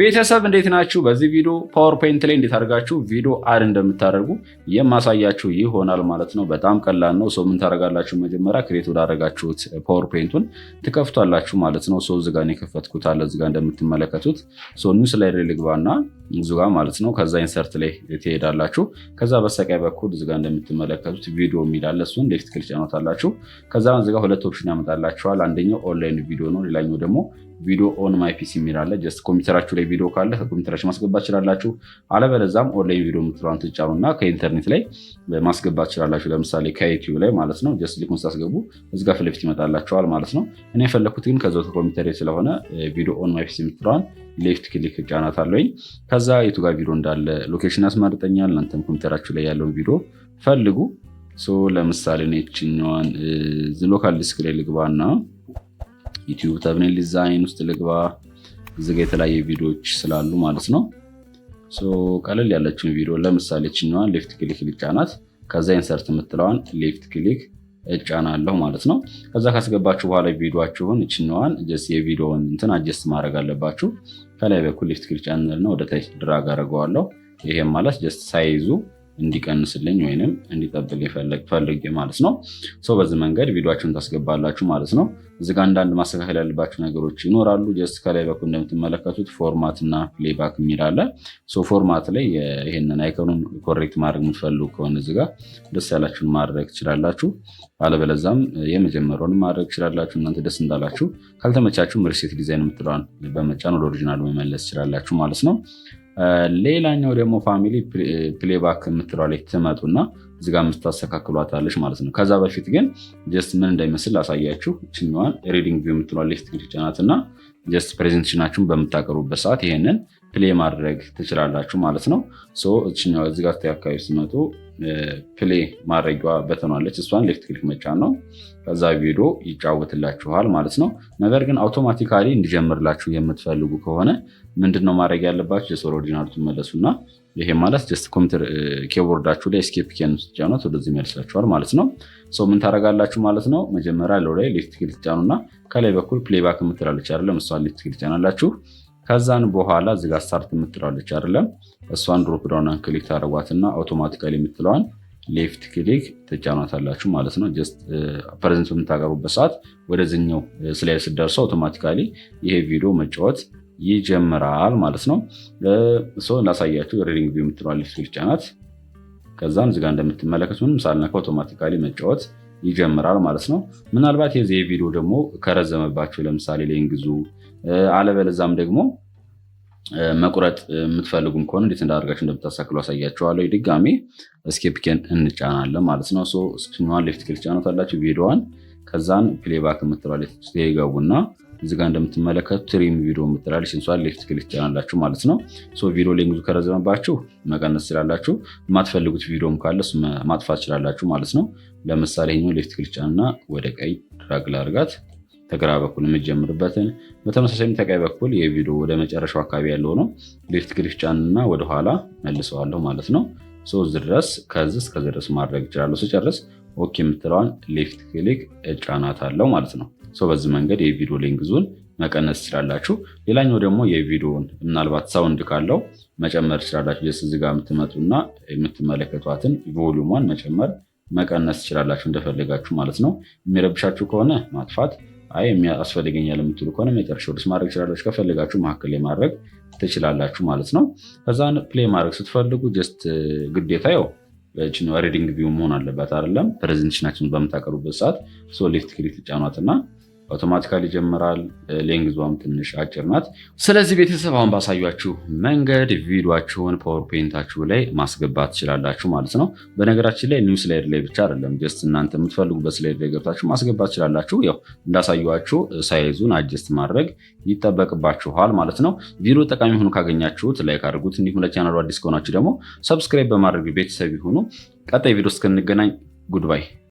ቤተሰብ እንዴት ናችሁ? በዚህ ቪዲዮ ፓወርፖይንት ላይ እንዴት አድርጋችሁ ቪዲዮ አድ እንደምታደርጉ የማሳያችሁ ይሆናል ማለት ነው። በጣም ቀላል ነው። ሰው ምን ታደርጋላችሁ? መጀመሪያ ክሬት ወዳደረጋችሁት ፓወርፖይንቱን ትከፍቷላችሁ ማለት ነው። ሰው እዚጋ የከፈትኩት አለ እዚጋ እንደምትመለከቱት ኒውስ ላይ ልግባና እዚጋ ማለት ነው። ከዛ ኢንሰርት ላይ ትሄዳላችሁ። ከዛ በስተቀኝ በኩል እዚጋ እንደምትመለከቱት ቪዲዮ የሚላለ እሱን ሌፍት ክሊክ ጫኖታላችሁ። ከዛ እዚጋ ሁለት ኦፕሽን ያመጣላችኋል። አንደኛው ኦንላይን ቪዲዮ ነው። ሌላኛው ደግሞ ቪዲዮ ኦን ማይ ፒሲ የሚላለ ጀስት ኮምፒውተራችሁ ላይ ኦንላይን ቪዲዮ ካለ ከኮምፒውተራችሁ ማስገባት ይችላላችሁ። አለበለዚያም ኦንላይን ቪዲዮ የምትለዋን እና ከኢንተርኔት ላይ ማስገባት ይችላላችሁ። ለምሳሌ ከዩቲዩብ ላይ ማለት ነው። ጀስት ሊኩን ስታስገቡ እዚጋ ፊት ለፊት ይመጣላችኋል ማለት ነው። እኔ የፈለግኩት ግን ከዛው ከኮምፒውተር ስለሆነ ቪዲዮ ኦን ማይ ፒሲ የምትለዋን ሌፍት ክሊክ ጫናት አለኝ። ከዛ የቱ ጋር ቪዲዮ እንዳለ ሎኬሽን ያስመርጠኛል። እናንተም ኮምፒውተራችሁ ላይ ያለውን ቪዲዮ ፈልጉ። ለምሳሌ ኔችኛዋን ሎካል ዲስክ ላይ ልግባና ዩቲዩብ ተብኔል ዲዛይን ውስጥ ልግባ እዚህ ጋ የተለያየ ቪዲዮዎች ስላሉ ማለት ነው። ቀለል ያለችን ቪዲዮ ለምሳሌ ችኛዋን ሌፍት ክሊክ ልጫናት። ከዛ ኢንሰርት የምትለዋን ሌፍት ክሊክ እጫናለሁ ማለት ነው። ከዛ ካስገባችሁ በኋላ ቪዲዮችሁን ችኛዋን ጀስ የቪዲዮን እንትን አጀስት ማድረግ አለባችሁ። ከላይ በኩል ሌፍት ክሊክ ጫንልና ወደ ታች ድራግ አደርገዋለሁ። ይሄም ማለት ጀስት ሳይዙ እንዲቀንስልኝ ወይንም እንዲጠብቅ ፈልጌ ማለት ነው። ሰው በዚህ መንገድ ቪዲዮችሁን ታስገባላችሁ ማለት ነው። እዚህ አንዳንድ ማስተካከል ያለባቸው ነገሮች ይኖራሉ። ጀስት ከላይ በኩል እንደምትመለከቱት ፎርማት እና ፕሌባክ የሚል አለ። ፎርማት ላይ ይህንን አይከኑን ኮሬክት ማድረግ የምትፈልጉ ከሆነ እዚህ ደስ ያላችሁን ማድረግ ትችላላችሁ። አለበለዛም የመጀመሪያውን ማድረግ ትችላላችሁ፣ እናንተ ደስ እንዳላችሁ። ካልተመቻችሁ ሪሴት ዲዛይን የምትለዋን በመጫን ወደ ኦሪጂናል መመለስ ትችላላችሁ ማለት ነው። ሌላኛው ደግሞ ፋሚሊ ፕሌባክ የምትለዋ ላይ ትመጡና እዚጋ የምታስተካክሏታለች ማለት ነው። ከዛ በፊት ግን ጀስት ምን እንዳይመስል አሳያችሁ። ችኛዋን ሪዲንግ ቪው የምትለዋ ሌፍት ክሊክ እና ጀስት ፕሬዘንቴሽናችሁን በምታቀርቡበት ሰዓት ይሄንን ፕሌ ማድረግ ትችላላችሁ ማለት ነው። እችኛው እዚህ ጋር አካባቢ ሲመጡ ፕሌ ማድረጊዋ በተኗለች እሷን ሌፍት ክሊክ መጫን ነው። ከዛ ቪዲዮ ይጫወትላችኋል ማለት ነው። ነገር ግን አውቶማቲካሊ እንዲጀምርላችሁ የምትፈልጉ ከሆነ ምንድነው ማድረግ ያለባችሁ? የሶር ኦሪጂናል ትመለሱና ይሄ ማለት ጀስት ኮምፒውተር ኬቦርዳችሁ ላይ ስኬፕ ኬን ስትጫኑት ወደዚህ መልሳችኋል ማለት ነው። ሰው ምን ታደርጋላችሁ ማለት ነው? መጀመሪያ ለው ላይ ሌፍት ክሊክ ጫኑና ከላይ በኩል ፕሌባክ የምትላለች አይደለም? እሷን ሌፍት ክሊክ ጫናላችሁ ከዛን በኋላ እዚጋ ስታርት የምትለዋለች አይደለም እሷን ድሮፕ ዳውንን ክሊክ ታደረጓትና አውቶማቲካሊ የምትለዋን ሌፍት ክሊክ ትጫኗታላችሁ ማለት ነው። ፕሬዘንት በምታቀርቡበት ሰዓት ወደዚኛው ስላይ ስደርሰው አውቶማቲካሊ ይሄ ቪዲዮ መጫወት ይጀምራል ማለት ነው። ሰው ላሳያችሁ ሪዲንግ ቪው የምትለዋን ሌፍት ክሊክ ጫናት። ከዛን እዚጋ እንደምትመለከቱ ምንም ሳልነካ አውቶማቲካሊ መጫወት ይጀምራል ማለት ነው። ምናልባት የዚህ ቪዲዮ ደግሞ ከረዘመባችሁ ለምሳሌ ለእንግዙ አለበለዛም ደግሞ መቁረጥ የምትፈልጉም ከሆነ እንዴት እንዳደርጋችሁ እንደምታሳክሉ አሳያችኋለሁ። ድጋሜ እስኬፕኬን እንጫናለን ማለት ነው። ስኛዋን ሌፍት ክሊክ ጫኖታላችሁ ቪዲዮዋን። ከዛን ፕሌባክ የምትባል የምትላለች እዚ ጋ እንደምትመለከቱ ትሪም ቪዲዮ የምትላለች እሷን ሌፍት ክሊክ ጫናላችሁ ማለት ነው። ቪዲዮ ሌንግዙ ከረዘመባችሁ መቀነስ ስላላችሁ የማትፈልጉት ቪዲዮም ካለ ማጥፋት ችላላችሁ ማለት ነው። ለምሳሌ ሌፍት ክሊክ ጫንና ወደ ቀይ ድራግ ላርጋት ከግራ በኩል የምጀምርበትን በተመሳሳይም ከቀኝ በኩል የቪዲዮ ወደ መጨረሻው አካባቢ ያለው ነው። ሌፍት ክሊክ ጫንና ወደኋላ መልሰዋለሁ ማለት ነው። ሶስት ድረስ ከዚህ እስከዚህ ድረስ ማድረግ እችላለሁ። ስጨርስ ኦኬ የምትለዋን ሌፍት ክሊክ እጫናታለሁ ማለት ነው። በዚህ መንገድ የቪዲዮ ሌንግዙን መቀነስ ትችላላችሁ። ሌላኛው ደግሞ የቪዲዮን ምናልባት ሳውንድ ካለው መጨመር ትችላላችሁ። ስ እዚህ ጋር የምትመጡና የምትመለከቷትን ቮሊዩሟን መጨመር መቀነስ ትችላላችሁ እንደፈለጋችሁ ማለት ነው። የሚረብሻችሁ ከሆነ ማጥፋት አይ የሚያስፈልገኛል የምትሉ ከሆነ መጨረሻ ወደስ ማድረግ ትችላላችሁ። ከፈለጋችሁ መካከል ላይ ማድረግ ትችላላችሁ ማለት ነው። ከዛን ፕሌይ ማድረግ ስትፈልጉ ጀስት ግዴታ ው ሬዲንግ ቪው መሆን አለበት አይደለም። ፕሬዘንቴሽናችን በምታቀርቡበት ሰዓት ሶ ሌፍት ክሊክ ትጫኗትና አውቶማቲካሊ ይጀምራል። ሌንግዟም ትንሽ አጭር ናት። ስለዚህ ቤተሰብ አሁን ባሳያችሁ መንገድ ቪዲዮችሁን ፓወርፖይንታችሁ ላይ ማስገባት ትችላላችሁ ማለት ነው። በነገራችን ላይ ኒው ስላይድ ላይ ብቻ አይደለም፣ ጀስት እናንተ የምትፈልጉበት ስላይድ ላይ ገብታችሁ ማስገባት ትችላላችሁ። ያው እንዳሳያችሁ ሳይዙን አጀስት ማድረግ ይጠበቅባችኋል ማለት ነው። ቪዲዮ ጠቃሚ ሆኖ ካገኛችሁት ላይክ አድርጉት። እንዲሁም ለቻናሉ አዲስ ከሆናችሁ ደግሞ ሰብስክራይብ በማድረግ ቤተሰብ ይሁኑ። ቀጣይ ቪዲዮ እስክንገናኝ ጉድባይ።